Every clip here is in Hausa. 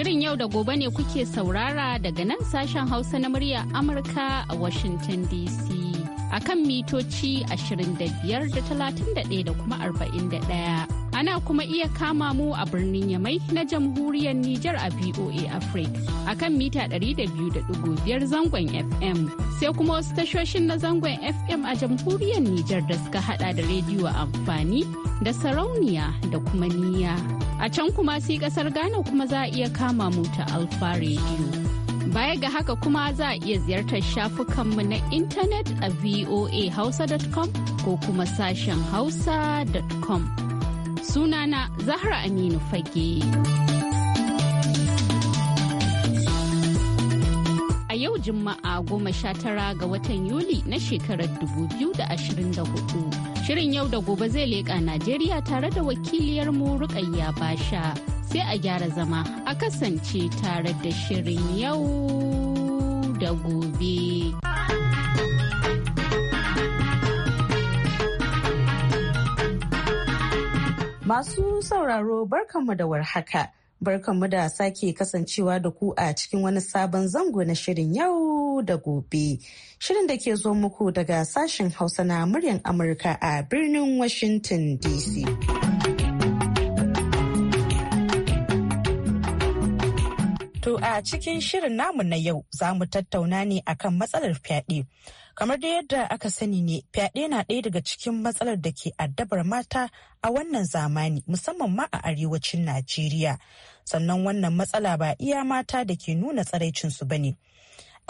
Shirin yau da gobe ne kuke saurara daga nan sashen Hausa na murya Amurka a Washington DC. A kan mitoci 25 da 31 da kuma 41. Ana kuma iya kama mu a birnin Yamai na jamhuriyar Nijar a VOA Africa a kan mita 200.5 zangon FM. Sai kuma wasu tashoshin na zangon FM a jamhuriyar Nijar da suka hada da rediyo amfani da sarauniya da kuma niya. A can kuma sai kasar Ghana kuma za a iya kama mu ta Alfa Radio. Baya ga haka kuma za a iya ziyartar shafukanmu na intanet a voahausa.com ko kuma sashen hausa.com. sunana Zahra Aminu Fage. A yau Juma'a goma sha tara ga watan Yuli na shekarar da da ashirin 2024. Shirin yau da gobe zai leƙa Najeriya tare da wakiliyar mu Rukayya Basha. Sai a gyara zama a kasance tare da shirin yau da gobe. Masu sauraro barkanmu da warhaka. Barkanmu da sake kasancewa da ku a cikin wani sabon zango na shirin yau da gobe. Shirin da ke zo muku daga sashen Hausa na muryar Amurka a birnin Washington DC. To a cikin shirin namu na yau za mu tattauna ne akan matsalar fyaɗe. Kamar da yadda aka sani ne fyaɗe na ɗaya daga cikin matsalar da ke addabar mata a wannan zamani musamman ma a arewacin Najeriya. Sannan wannan matsala ba iya mata da ke nuna tsaraicinsu ba ne.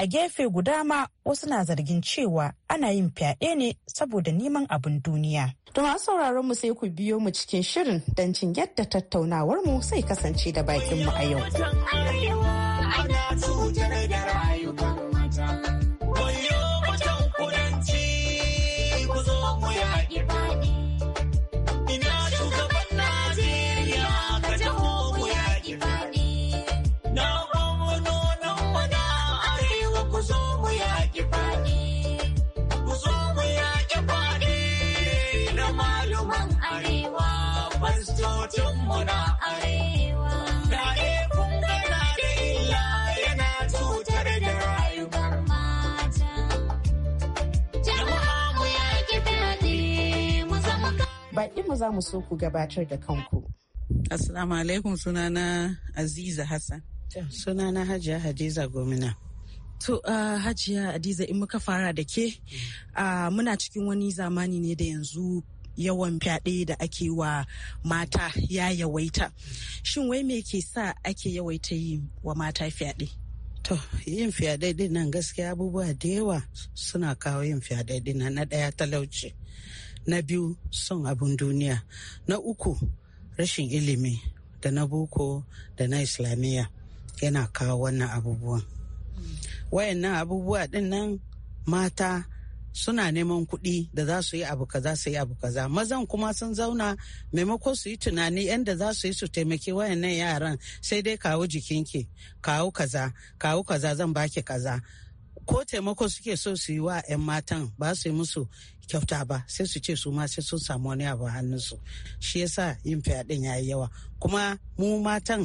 a gefe guda ma wasu na zargin cewa ana yin fyaɗe ne saboda neman abin duniya. To masu sauraron mu sai ku biyo mu cikin shirin don cin yadda tattaunawar mu sai kasance da bakin mu a yau. baƙi mu za mu so ku gabatar da kanku. Assalamu alaikum sunana Aziza Hassan. Sunana Hajiya Hadiza Gomina. To uh, Hajiya Hadiza in muka fara da ke, uh, muna cikin wani zamani ne da yanzu yawan fyaɗe da ake wa mata ya yawaita shin wai me ke sa ake yawaita yi wa mata fyaɗe To yin fyaɗe dinnan gaskiya abubuwa da yawa suna kawo yin fyaɗe dinnan na ɗaya talauci na biyu son abin duniya na uku rashin ilimi da na boko da na islamiyya yana kawo wannan abubuwan wayannan abubuwa dinnan mata suna neman kuɗi da za su yi abu kaza su yi abu kaza mazan kuma sun zauna maimako su yi tunani yadda za su yi su taimaki wayannan yaran sai dai kawo jikinki kawo kaza kawo kaza zan baki kaza ko taimako suke so su yi wa 'yan matan ba su yi musu kyauta ba sai su ce su ma sai sun samu wani abu hannunsu shi yasa yin fyaɗin ya yi yawa kuma mu matan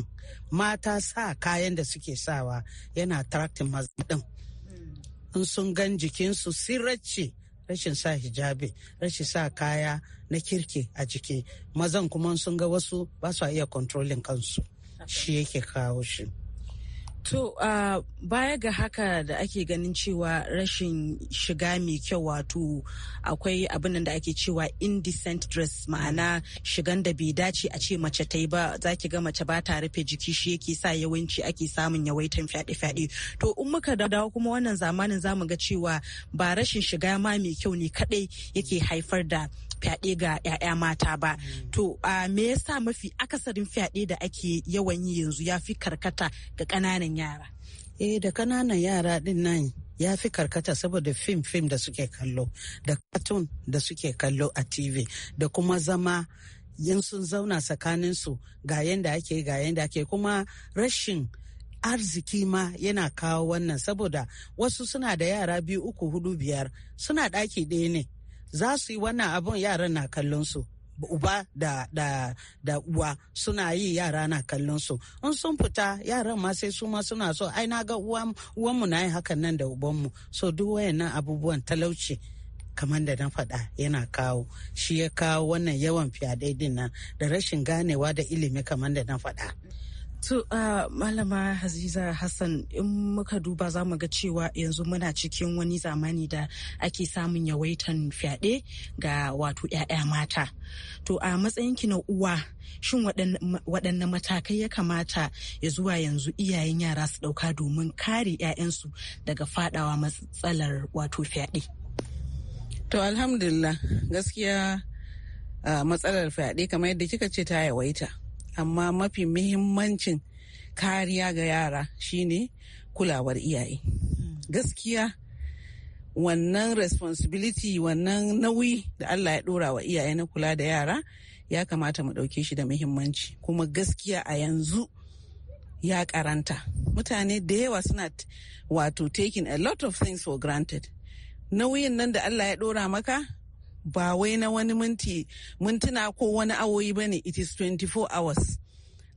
mata sa kayan da suke sawa yana taraktin maza in sun gan jikinsu sirracce rashin sa hijabi rashin sa kaya na kirki a jiki mazan kuma sun ga wasu ba su iya kontrolin kansu shi yake kawo shi. To uh, baya ga haka da ake ganin cewa rashin shiga mai kyau wato akwai abin da ake cewa indecent dress ma'ana shigan da bai dace a ce mace ta yi ba za ki ga mace ba ta rufe jiki shi yake sa yawanci ake samun yawaitan fyaɗe-fyaɗe. To in muka dawo kuma wannan zamanin zamu ga cewa ba rashin shiga ma mai kyau ne kaɗai yake haifar da fyaɗe ga 'ya'ya mata ba mm. to me yasa mafi akasarin fyaɗe da ake yawan yi yanzu ya fi karkata ga ƙananan yara eh da ƙananan yara din nan ya fi karkata saboda fim-fim da suke kallo da katun da suke kallo a tv da kuma zama yin sun zauna tsakaninsu ga yadda ake ga yadda ake kuma rashin arziki ma yana kawo wannan saboda wasu suna da yara biyu uku hudu biyar suna ɗaki ɗaya ne za su yi wannan abun yaran na kallon su uba da da da uwa suna yi yara na kallon su in sun fita yaran ma sai su ma suna so ai na ga uwan mu na yi hakan nan da uban mu so duk wayannan abubuwan talauci kamar da na faɗa yana kawo shi ya kawo wannan yawan fyaɗe din nan da rashin ganewa da ilimi kamar da na faɗa To Malama Haziza Hassan in muka duba za mu ga cewa yanzu muna cikin wani zamani da ake samun yawaitan fyaɗe ga wato 'ya'ya mata. To a matsayinki na uwa shin waɗanne matakai ya kamata ya zuwa yanzu iyayen yara su ɗauka domin kare 'ya'yansu daga faɗawa matsalar wato fyaɗe? To alhamdulillah gaskiya matsalar fyaɗe kamar yadda kika ce ta yawaita. amma mafi muhimmancin kariya ga yara shine kulawar iyaye gaskiya wannan responsibility wannan nauyi da allah ya dora wa iyaye na kula da yara ya kamata mu ɗauke shi da muhimmanci kuma gaskiya a yanzu ya karanta mutane da yawa suna wato taking a lot of things for granted nauyin nan da allah ya dora maka ba wai na wani minti mintuna ko wani awoyi ba ne it is 24 hours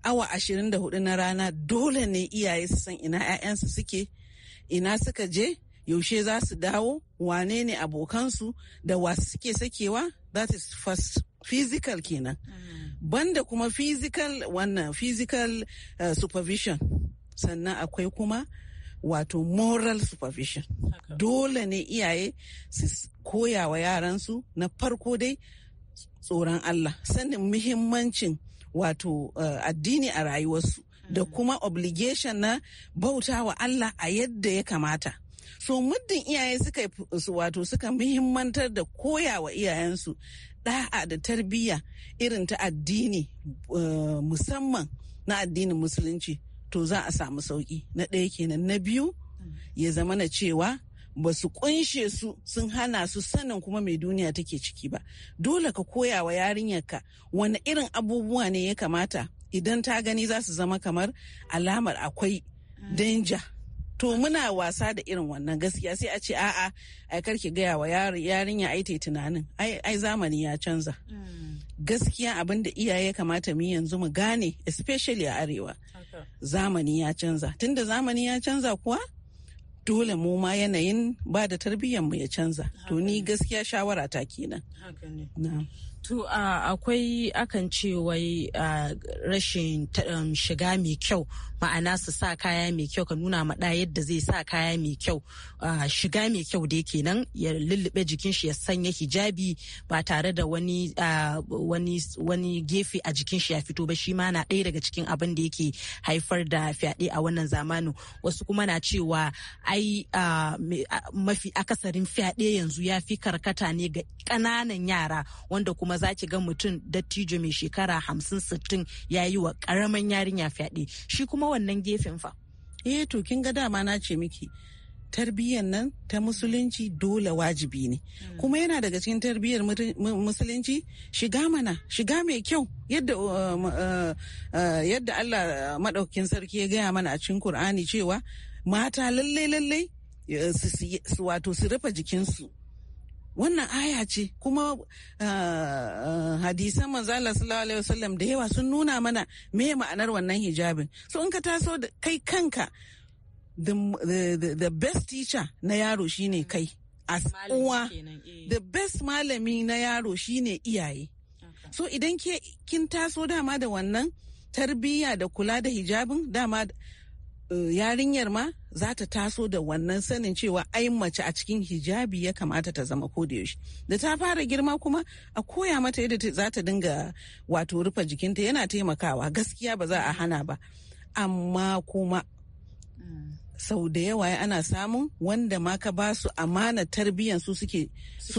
awa 24 na rana dole ne iyaye su san ina 'ya'yansu suke ina suka je yaushe za su dawo wane ne abokansu da wasu suke sakewa that is first physical kenan mm. banda kuma physical wannan physical eh, supervision sannan akwai kuma wato moral supervision dole ne iyaye su koya wa yaransu na farko dai tsoron Allah sanin muhimmancin wato eh, addini a rayuwarsu da mm. kuma obligation na bauta wa Allah a yadda ya kamata so muddin iyaye suka su wato suka muhimmantar da koya wa iyayensu da'a da tarbiyya irin ta addini eh, musamman na addinin musulunci to za a samu sauki na ɗaya kenan na biyu ya zama na cewa ba su kunshe su sun hana su sanin kuma mai duniya take ciki ba dole ka koya wa yarinyarka wani irin abubuwa ne ya kamata idan ta gani za su zama kamar alamar akwai danja to muna wasa da irin wannan gaskiya sai a ce a'a ai ki gaya wa yarinya ai ta tunanin ai zamani ya canza mm. gaskiya abin da iyaye kamata mu yanzu mu gane especially a arewa zamani ya canza tunda zamani ya canza kuwa dole mu ma yanayin ba da tarbiyyar mu ya canza to ni gaskiya shawara ta kenan To akwai akan ce wai rashin um, shiga mai kyau ma'ana su sa kaya mai kyau ka nuna maɗa yadda zai sa kaya mai kyau shiga mai kyau da yake nan ya lullube jikin shi ya sanya hijabi ba tare da wani wani gefe a jikin shi ya fito ba shi ma na ɗaya daga cikin abin da yake haifar da fyaɗe a wannan zamanin wasu kuma na cewa ai mafi akasarin fyaɗe yanzu ya fi karkata ne ga ƙananan yara wanda kuma kuma za ki ga mutum dattijo mai shekara hamsin sittin ya yi wa karamin yarinya fyaɗe shi kuma wannan gefen fa. eh to kin ga dama na ce miki tarbiyyar nan ta musulunci dole wajibi ne hmm. kuma yana daga cikin tarbiyyar musulunci shiga mana shiga mai kyau yadda uh, uh, uh, yadda Allah maɗaukin sarki ya gaya mana a cikin Kur'ani cewa mata lallai lallai su wato su rufe jikinsu wannan aya ce kuma ah, ah, hadisan manzala sallallahu alaihi wasallam da yawa sun nuna mana me ma'anar wannan hijabin so in ka taso kai kanka the, the, the best teacher na yaro shine kai as uwa eh. the best malami na yaro shine iyaye so idan kin taso dama da wannan tarbiyya da kula da hijabin dama Eh, yarinyar ma za ta taso da wannan sanin cewa ai mace a cikin hijabi ya kamata ta zama ko da yaushe da ta fara girma kuma a koya mata yadda za ta dinga wato rufe jikinta yana taimakawa gaskiya ba za a hana ba amma kuma sau da yawa ana samun wanda ma ka ba su amana tarbiyyar su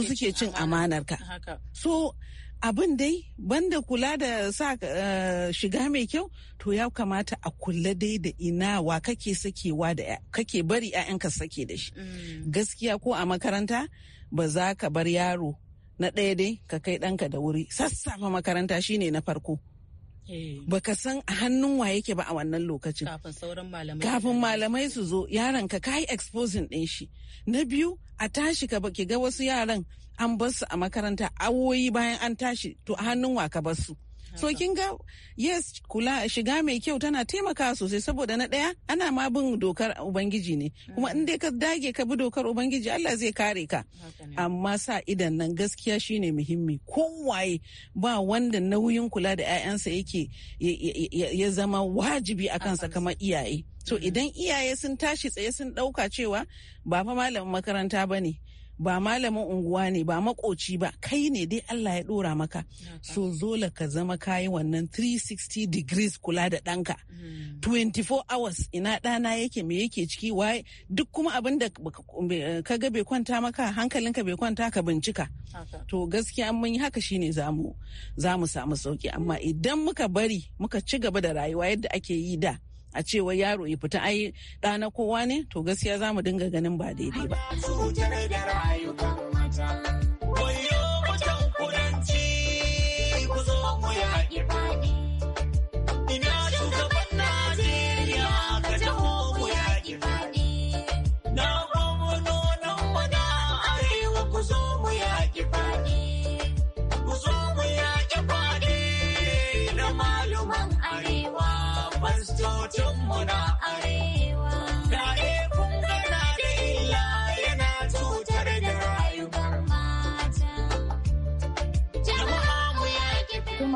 suke cin amanar ka so abin dai banda kula da sa uh, shiga mai kyau to ya kamata a kula dai da ina wa kake sakewa da kake bari 'ya'yanka sake da shi mm. gaskiya ko a makaranta ba za ka bar yaro na ɗaya dai ka kai ɗanka da wuri sassafa makaranta shine na farko Eh. baka san a hannun wa yake ba a wannan lokacin kafin malamai su zo yaron ka kai exposing din shi na biyu a tashi ka ki ga wasu yaran an bar su a makaranta awoyi bayan an tashi to a hannun wa ka bar su so kin ga yes kula shiga mai kyau tana taimakawa sosai saboda na ɗaya ana ma bin dokar ubangiji ne kuma mm. in dai ka dage ka bi dokar ubangiji Allah zai kare ka amma sa idan nan gaskiya shine muhimmi kowaye ba wanda nauyin kula da 'ya'yansa yake ya zama wajibi a kansa kamar iyaye so mm. idan iyaye sun tashi tsaye sun ɗauka cewa ba fa malamin makaranta ba ne ba malamin unguwa ne ba makoci ba kai ne dai Allah ya dora maka so zola ka zama kayi wannan 360 degrees kula da ɗanka 24 hmm. hours ina ɗana yake me yake ciki Wai duk kuma abin da ka ga bai kwanta maka hankalinka bai kwanta ka bincika to gaskiya mun yi haka shine zamu zamu samu sauki amma idan muka bari muka ci gaba da rayuwa yadda ake yi da a cewa yaro ya fita ai ɗa na kowa ne to gaskiya za mu dinga ganin ba daidai ba.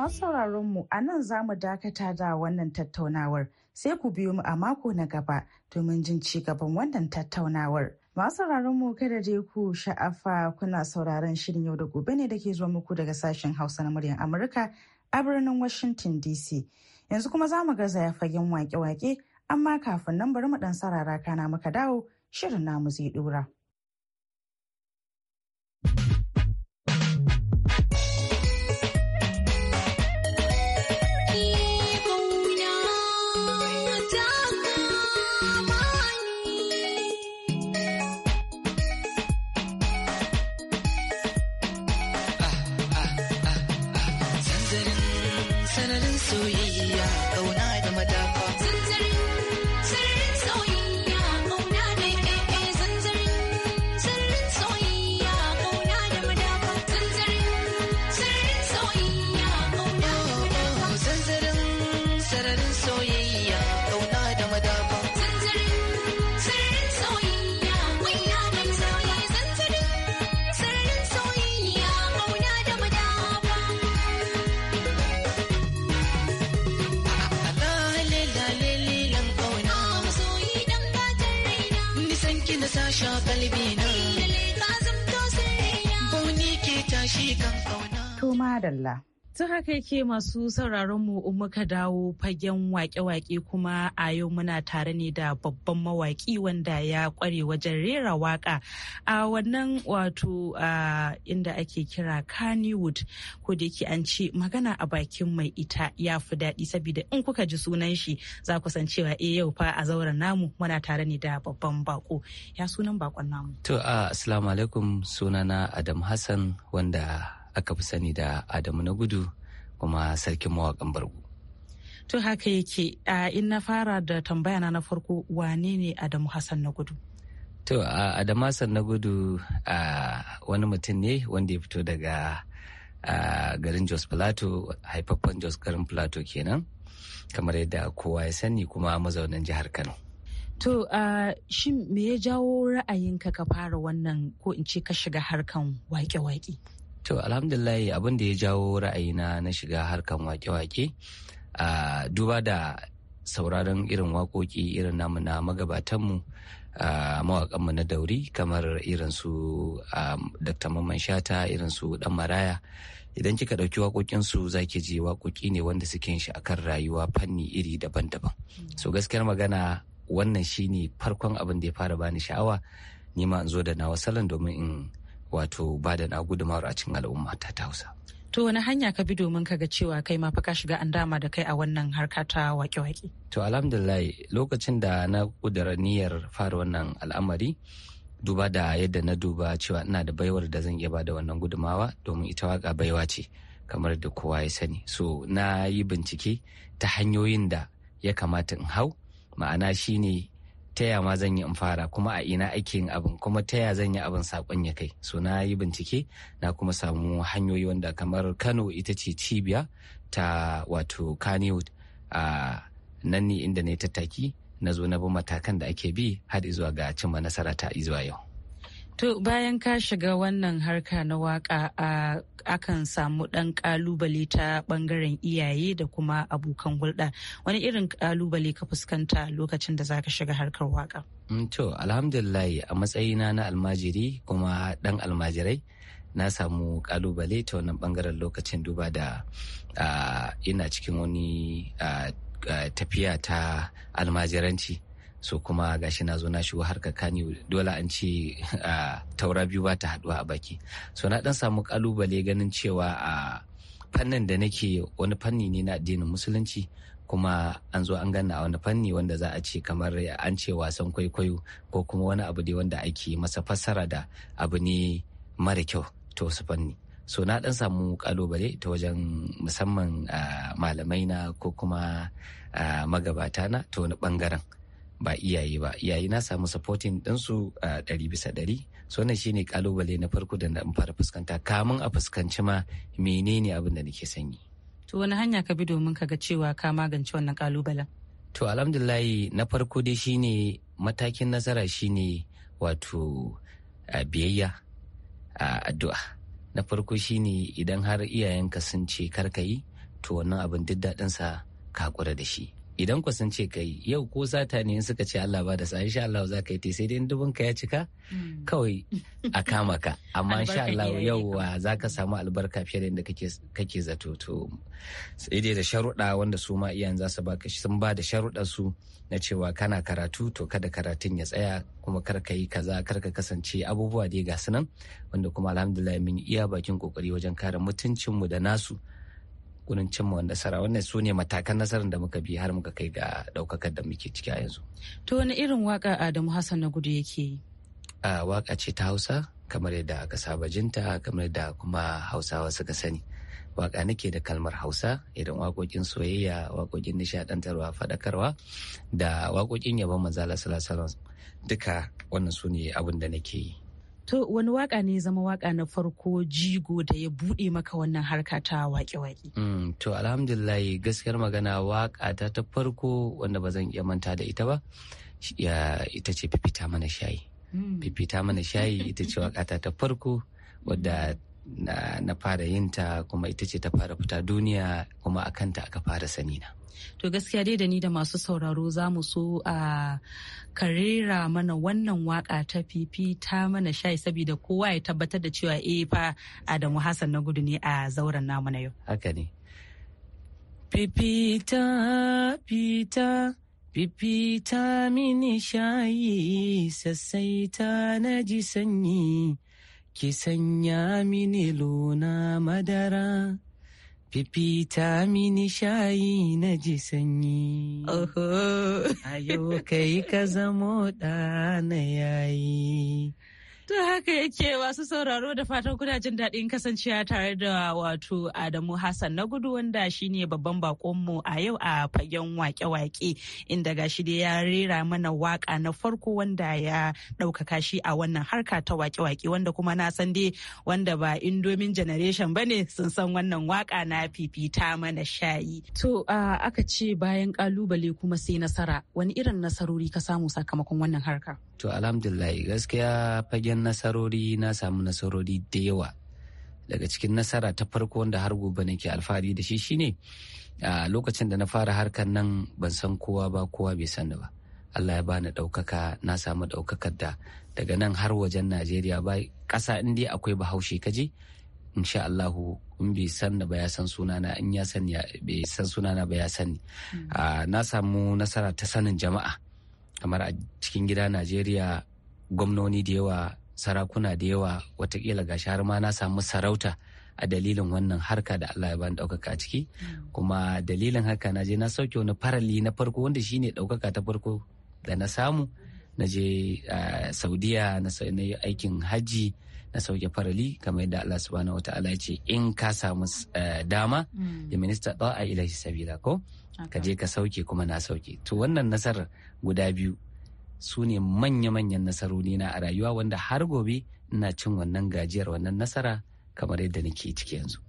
masu sauraronmu a nan za mu dakata da wannan tattaunawar sai ku biyo mu a mako na gaba domin jin ci gaban wannan tattaunawar. Masu sauraronmu kada dai ku sha'afa kuna sauraron shirin yau da gobe ne da ke zuwa muku daga sashen Hausa na muryar Amurka a birnin Washington DC. Yanzu kuma za mu gaza ya fagen wake-wake amma kafin nan bari mu dan sarara kana muka dawo shirin namu zai dora. madalla. Tun haka yake masu sauraron mu in muka dawo fagen wake-wake kuma a yau muna tare ne da babban mawaki wanda ya kware wajen rera waka a wannan wato inda ake kira Kannywood ko da yake an ce magana a bakin mai ita ya fi daɗi saboda in kuka ji sunan shi za ku san cewa eh yau fa a zauren namu muna tare ne da babban bako ya sunan bakon namu. To a sunana Adam Hassan wanda aka fi sani da Adamu na gudu kuma sarkin mawakan bargo. To haka yake in na fara da tambaya na farko wane ne Adamu Hassan na gudu? To Adamu Hassan na gudu wani mutum ne wanda ya fito daga garin Jos Plato, haifaffen Jos garin Plato kenan kamar yadda kowa ya sani kuma mazaunin jihar Kano. To uh, shi me ya jawo ra'ayinka ka fara wannan ko in ce ka shiga harkan waƙe-waƙe? To alhamdulillah abin da ya jawo ra'ayi na na shiga harkan wake-wake a duba da sauraron irin wakoki irin namu na magabatanmu mawakanmu na dauri kamar irin su Dr. Mamman Shata irin su Dan Maraya idan kika ɗauki waƙoƙinsu za ki ji waƙoƙi ne wanda suke yin shi akan rayuwa fanni iri daban-daban. Hmm. So gaskiyar magana wannan shine farkon abin da ya fara bani sha'awa nima in zo da nawa salon domin in wato ba da na gudumar a cikin al'umma ta tausa. hausa to wani hanya ka bi domin ka ga cewa kai ma faka shiga an dama da kai a wannan harka ta wake-wake to alhamdulillah lokacin da na kudura niyyar fara wannan al'amari duba da yadda na duba cewa ina da baiwar da zan iya ba da wannan gudumawa domin ita waka baiwa ce kamar da kowa ya sani so na yi bincike ta hanyoyin da ya kamata in hau ma'ana shine ta yama ma zan yi in fara kuma a ina ake yin abin kuma ta yaya zan yi abin sakon ya kai so na yi bincike na kuma samu hanyoyi wanda kamar kano ita ce cibiya ta wato kaniwood a nan ne inda na yi tattaki na zo na bi matakan da ake bi har zuwa ga cimma nasara ta zuwa yau To bayan ka shiga wannan harka na waka a akan samu ɗan ƙalubale ta bangaren iyaye da kuma abokan hulɗa wani irin ƙalubale ka fuskanta lokacin da zaka shiga harkar waka. Mm, to alhamdulillah a matsayina na almajiri kuma ɗan almajirai na samu ƙalubale ta wannan ɓangaren lokacin duba da ina cikin wani tafiya ta almajiranci. so kuma gashi na zo na shigo harka kani dole an ce taura biyu ba ta haduwa a baki so na dan samu kalubale ganin cewa a fannin da nake wani fanni ne na addinin musulunci kuma an zo an a wani fanni wanda za a ce kamar an ce wasan kwaikwayo ko kuma wani abu dai wanda ake masa fassara da abu ne mara kyau ta wasu fanni so na dan samu kalubale ta wajen musamman malamai na ko kuma magabata na ta wani bangaren ba iyaye ba iyaye na samu supporting ɗinsu a ɗari bisa ɗari so wannan shine kalubale na farko da na fara fuskanta kamun a fuskanci ma menene abin da nake sanyi to wani hanya ka bi domin ka ga cewa ka magance wannan kalubalen to alhamdulillah na farko dai shine matakin nasara shine wato biyayya a addu'a na farko shine idan har iyayenka sun ce karkayi to wannan abin duk daɗinsa ka kura da shi idan ku sun ce kai yau ko sata ne suka ce Allah ba da sa insha Allah za ka yi sai dai dubun ka ya cika hmm. kawai a kama ka amma insha Allah yau za ka samu albarka fiye da inda kake zato to sai dai da sharuɗa wanda su ma iyayen za su baka sun ba da sharuɗa su na cewa kana karatu to kada karatun ya tsaya kuma kar ka yi kaza kar ka kasance abubuwa dai ga nan wanda kuma alhamdulillah mun iya bakin kokari wajen kare mutuncin mu da nasu gurin cimma nasara wannan su ne matakan nasarar da muka bi har muka kai ga daukakar da muke ciki a yanzu to wani irin waka adamu hassan na gudu yake yi a waka ce ta hausa kamar yadda aka saba jinta kamar yadda kuma hausawa suka sani waka nake da kalmar hausa irin wakokin soyayya wakokin nishadantarwa fadakarwa da wakokin yabon manzala salasalan duka wannan su ne abin da nake yi To wani waka ne zama waka na farko jigo da ya buɗe maka wannan harka ta waƙe-waƙe? Mm, to alhamdulillah gaskiyar magana waka ta ta farko wanda ba zan iya manta da ita ba ita ce fifita mana shayi. Mm. Fifita mana shayi ita ce waka ta ta farko wadda na, na fara yinta kuma ita ce ta fara fita duniya kuma a kanta aka fara sani na. To gaskiya dai da ni da masu sauraro za mu so a karera mana wannan waka ta fifi ta mana shayi saboda kowa ya tabbatar da cewa eh fa Adamu Hassan na gudu ne a zauren namu na yau. Haka ne. Fifita fita fifita mini shayi sassaita na ji sanyi ki sanya mini luna madara fifita mini shayi na ji sanyi. A yau kai ka zamo ɗana ya haka yake wasu sauraro da fatan kuna jin daɗin kasancewa tare da wato Adamu Hassan na gudu wanda shine babban bakonmu a yau a fagen wake-wake inda gashi da ya rera mana waka na farko wanda ya ɗaukaka shi a wannan harka ta wake-wake wanda kuma na san dai wanda ba indomin generation ne sun san wannan waka na fifita mana shayi. To aka ce bayan ƙalubale kuma sai nasara wani irin nasarori ka samu sakamakon wannan harka? to alhamdulillah gaskiya fagen nasarori na samu nasarori da yawa daga cikin nasara ta farko wanda har gobe nake alfahari da shi shine a lokacin da na fara harkar nan ban san kowa ba kowa bai sani ba Allah ya bani ɗaukaka na samu daukakar da daga nan har wajen Najeriya ba ƙasa in dai akwai bahaushe kaje insha Allah in bai san ba ya san sunana in ya san bai san sunana ba ya sani hmm. na samu nasara ta sanin jama'a kamar a cikin gida najeriya gwamnoni da yawa sarakuna da yawa watakila gashi har ma na samu sarauta a dalilin wannan harka da Allah ya bani ɗaukaka a ciki mm. kuma dalilin haka na je na sauke wani farali na farko wanda shine ɗaukaka ta farko da na samu na je saudiya na yi aikin hajji na sauke farali kamar yadda Allah subhanahu wataala ya ce in ka samu dama da mm. minista ɗa'a ilahi sabila ko ka je ka sauke kuma na sauke to wannan nasarar guda biyu su ne manya-manyan nasaroni na a rayuwa wanda har gobe ina cin wannan gajiyar wannan nasara kamar yadda nake ciki yanzu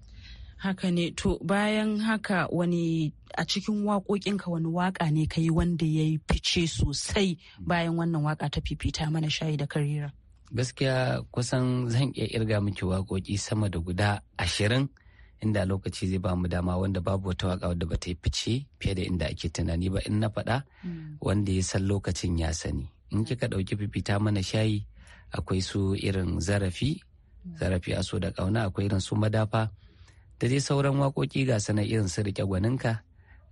haka ne to bayan haka wani a cikin waƙoƙinka wani waƙa ne ka wanda ya yi fice sosai bayan wannan waƙa ta fifita mana shayi da karira gaskiya kusan zan iya irga miki waƙoƙi sama da guda ashirin inda lokaci zai ba mu dama wanda babu wata waka wadda ba ta yi fice fiye da inda ake tunani ba in na faɗa mm. wanda ya san lokacin ya sani in mm. kika ɗauki fifita mana shayi akwai su irin zarafi mm. zarafi a so da ƙauna akwai irin su madafa da dai sauran waƙoƙi ga sanar irin su riƙe gwaninka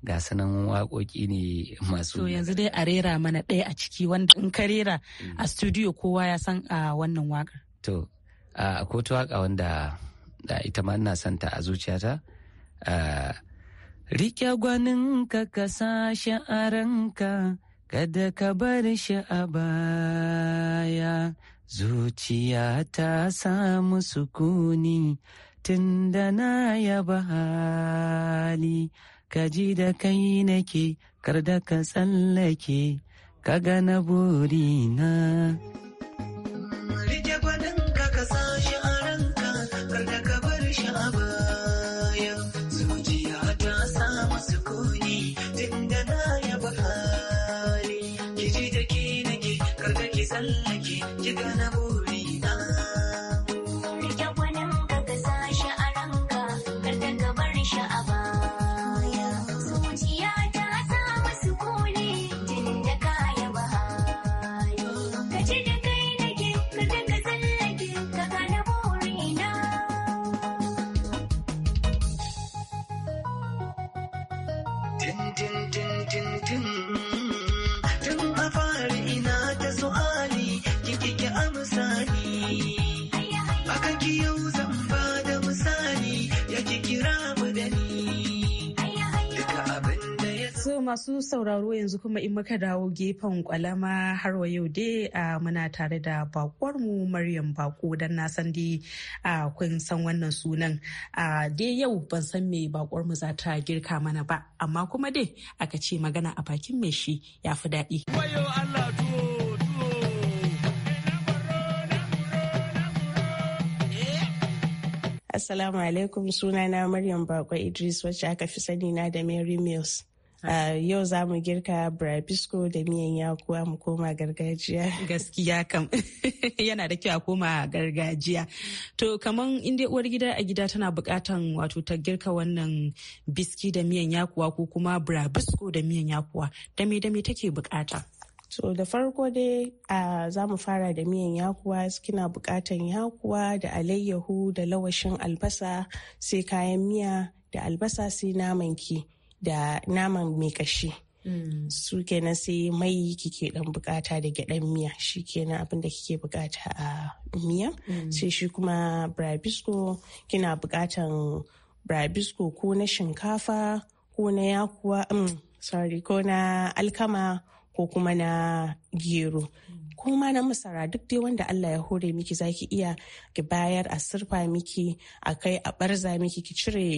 ga sanan waƙoƙi ne masu to yanzu dai a rera mana ɗaya a ciki wanda in ka rera a studio kowa ya san a ah, wannan waƙar to ah, a kotu waƙa wanda da ita ma ina son a zuciyata riƙe gwaninka ka sa shi kada ka bar shi a baya zuciya ta samu sukuni tun da na yaba hali ka ji da kai nake kar da ka tsallake ka gana burina sauraro yanzu kuma in muka dawo gefen kwalama har wa yau dai muna tare da mu Maryam Bako dan na san dai kun san wannan sunan. Dai yau ban san me bakwar mu za ta girka mana ba amma kuma dai aka ce magana a bakin mai shi ya fi daɗi. Assalamu alaikum sunana Maryam Bako Idris wacce aka fi sani na da Mary Mills. yau za mu girka brabisco da miyan yakuwa mu koma gargajiya. Gaskiya kam yana da kyau a koma gargajiya. To kaman in uwar gida a gida tana bukatan wato ta girka wannan biski da miyan yakuwa ko kuma brabisco da miyan yakuwa dame dame take bukata. So da farko dai a za mu fara da miyan yakuwa kina bukatan yakuwa da alayyahu da lawashin albasa sai kayan miya da albasa sai naman ki. da naman mai kashi mm. su kenan sai mai kike dan bukata da gyaɗan miya shi kenan abin da kike bukata a miya mm. sai shi kuma brabisco kina bukatan brabisco ko na shinkafa ko na yakuwa mm, sorry ko na alkama ko kuma na gero ko ma na masara duk dai wanda Allah ya hore miki zaki iya ki bayar a sirfa miki a kai a barza miki ki cire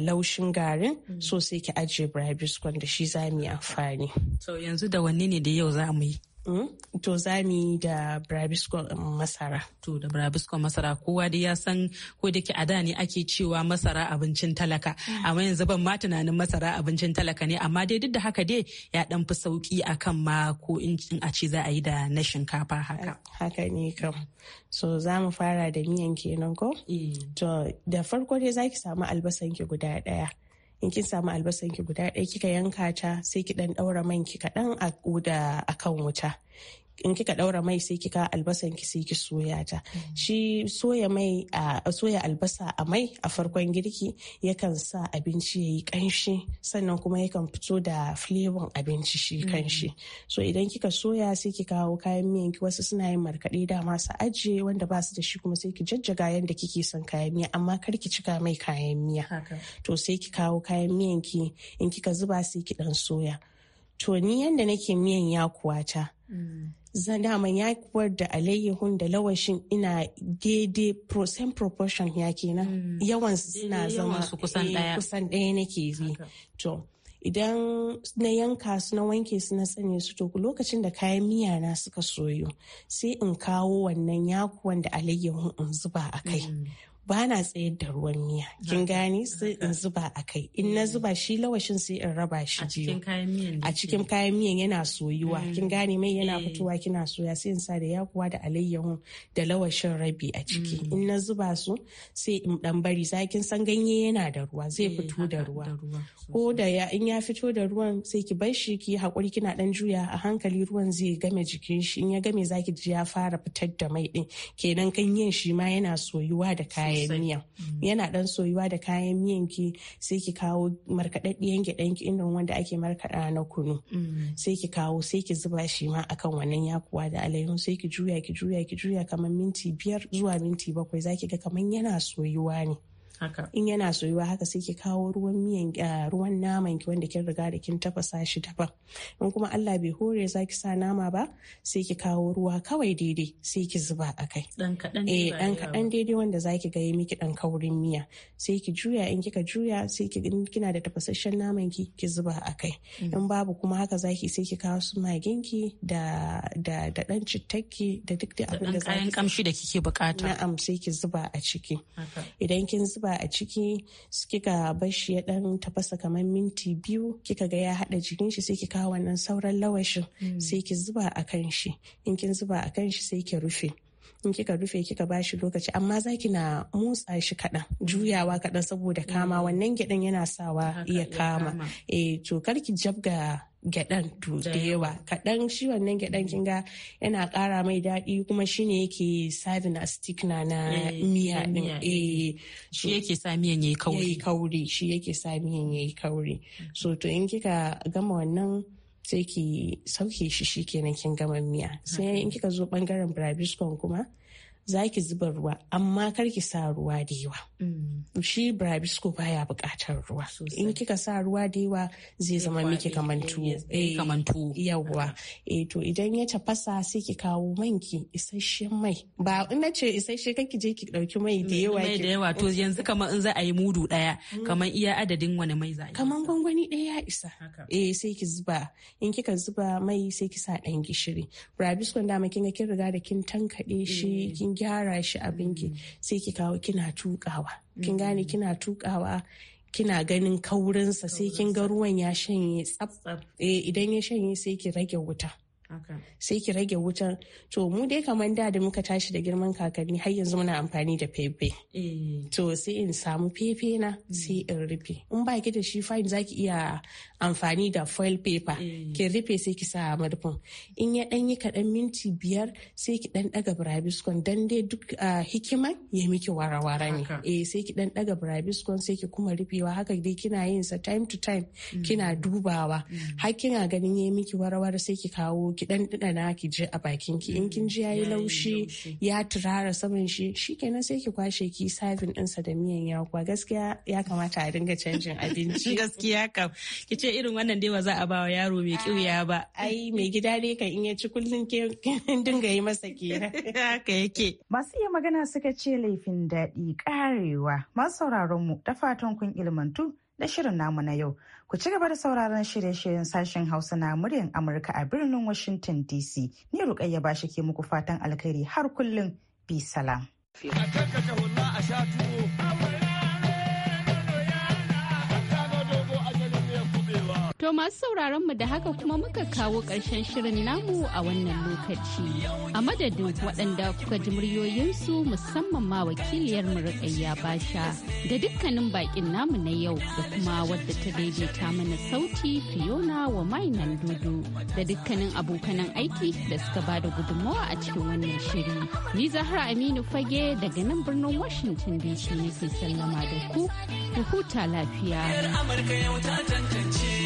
laushin garin mm. so sai ki ajiye bribes da shi za mu yi amfani. So yanzu da wanne ne da yau za mu yi? Hmm? to za mu da brabisco masara. To da brabisco masara kowa da ya san ko da ke a da ne ake cewa masara abincin talaka amma yanzu ban ma tunanin masara abincin talaka ne amma dai duk da haka dai ya dan fi sauki akan ma ko in a ce za a yi da na shinkafa haka. Haka ne kam. So za mu fara da miyan kenan ko? Eh. To da farko dai za ki samu albasan ki guda ɗaya. in kin samu albasan ki guda ɗaya kika yanka ta sai ki ɗan ɗaura man ki kaɗan a kan wuta in kika daura mai sai kika albasan ki sai ki soya ta mm. shi soya mai a soya albasa a mai a farkon girki yakan sa abinci yayi kanshi sannan kuma yakan fito da flavor abinci shi mm. kanshi so idan kika soya sai ki kawo kayan miyan ki wasu suna yin markaɗe da su ajiye wanda ba su da shi kuma sai ki jajjaga yanda kike son kayan miya amma kar ki cika mai kayan miya to sai ki kawo kayan miyan ki in kika zuba sai ki dan soya to ni yanda nake miyan yakuwata mm. zan daman yakuwar da alayyahun da lawashin ina daidai same proportion ya kenan mm. yawan suna zama eh, kusan ɗaya nake bi to idan na yanka su na wanke su na tsane su to lokacin da kayan miya na suka soyu sai in kawo wannan yakuwan da alayyahun in zuba a kai mm. ba na tsayar da ruwan miya kin gani sai in zuba a kai in na mm. zuba shi lawashin sai in raba shi biyu a cikin kayan miyan yana soyuwa mm. kin gane mai yana eh. fitowa kina soya sai in sa da yakuwa da alayyahu da lawashin rabi a ciki mm. in na zuba su sai in dan bari zakin san ganye yana da ruwa zai eh, fito da ruwa ko da ya in ya fito da ruwan sai ki bar shi ki hakuri kina dan juya a hankali ruwan zai game jikin shi in ya game zaki ji ya fara fitar da mai din kenan ganyen shi ma yana soyuwa da kayan kayan miya mm. yana dan soyuwa da kayan miyan ki sai ki kawo markaɗaɗɗiyan gyaɗan ki inda wanda ake markaɗa na kunu mm. sai ki kawo sai ki zuba shi ma akan wannan yakuwa da alayyahu sai ki juya ki juya ki juya kamar minti biyar zuwa minti bakwai zaki ga kamar yana soyuwa ne in yana soyuwa haka sai ki kawo ruwan miyan eh, ruwan naman ki wanda kin riga da kin tafasa shi daban in kuma Allah bai hore zaki sa nama ba sai ki kawo ruwa kawai daidai sai ki zuba a kai dan kaɗan eh dan kaɗan daidai wanda zaki ki ga miki dan kaurin miya sai ki juya in kika juya sai ki kina da tafasasshen naman ki ki zuba a kai mm. in babu kuma haka zaki sai ki kawo su magin ki da da da dan da duk da abin da zaki kayan kamshi da kike bukata na'am sai ki zuba a ciki idan kin zuba zuba a ciki kika bashi ya dan tafasa kamar minti biyu kika ga ya hada jikin shi sai ki kawo wannan sauran lawashin mm. sai ki zuba a kan shi in kin zuba a kan shi sai ki rufe in kika rufe kika ba shi lokaci amma zaki na motsa shi kaɗan juyawa kaɗan saboda kama mm. wannan gyaɗan yana sawa iya kama eh to kar ki jabga gyaɗan to da yawa kaɗan shi wannan gyaɗan mm. kin ga yana ƙara mai daɗi kuma shi ne yake serving as na eh, na miya eh, eh. shi yake sa miyan yayi kauri kauri shi yake sa miyan yayi kauri mm. so to in kika gama wannan sai ki sauke shi kenan kin gama miya sai in kika zo bangaren brabiscon kuma za ki zuba ruwa amma kar ki sa ruwa da yawa. Mm. Shi brabisco baya buƙatar ruwa. In kika sa ruwa da yawa zai zama miki kamantu. Eh, eh, yawwa. Eh idan ya tafasa sai ki kawo man ki isasshen mai. Ba in ce isasshe kan ki je ki ɗauki mai da yawa. Mai da yawa to yanzu kamar in za a yi mudu ɗaya mm. kamar iya adadin wani mai za a yi. Kamar gwangwani ɗaya ya isa. Eh sai ki zuba in kika zuba mai sai ki sa ɗan gishiri. Brabisco dama kin ga kin riga da kin tankaɗe shi mm. kin gyara shi abinki mm. sai ki kawo kina tukawa kin mm. gane kina tukawa kina ganin kaurinsa sai kin ga ruwan ya shanye tsaf eh, idan ya shanye sai ki rage wuta sai ki rage wutar to mu dai kamar da da muka tashi da girman kakanni har yanzu muna amfani da fefe eh. to sai in samu fefe na sai in rufe in ba ki da shi fine zaki iya amfani da foil paper eh. ki rufe sai ki sa madafin in ya dan yi kaɗan minti biyar sai ki dan daga brabiscon dan dai duk ah, hikima ya miki warawara ne eh sai ki dan daga brabiscon sai ki kuma rufewa haka dai kina yin sa time to time kina mm. dubawa mm. har kina ganin ya miki warawara sai ki kawo ki dan na ki je a bakin ki in kin ji yayi laushi ya turara saman shi shikenan sai ki kwashe ki serving ɗinsa da miyan yakuwa gaskiya ya kamata a dinga canjin abinci gaskiya kam ki ce irin wannan dai ba za a ba wa yaro mai kiwiya ba ai mai gida dai ka in ya ci kullun ke dinga yi masa kenan haka yake masu iya magana suka ce laifin daɗi karewa masu sauraron mu da fatan kun ilmantu da shirin namu na yau Ku ci gaba da sauraron shirye-shiryen sashen Hausa na muryar Amurka a birnin Washington DC. Ni Rukayya ba shi ke muku fatan alkhairi har kullum. Bi salam. To masu sauraron mu da haka kuma muka kawo ƙarshen shirin namu a wannan lokaci. A madadin waɗanda kuka ji muryoyinsu musamman ma wakiliyar mu Rukayya Basha da dukkanin baƙin namu na yau da kuma wadda ta daidaita mana sauti Fiona wa mainan dudu da dukkanin abokanan aiki da suka ba da gudunmawa a cikin wannan shiri. Ni Zahra Aminu Fage daga nan birnin Washington DC ke sallama da ku, ku huta lafiya. Amurka yau ta tantance.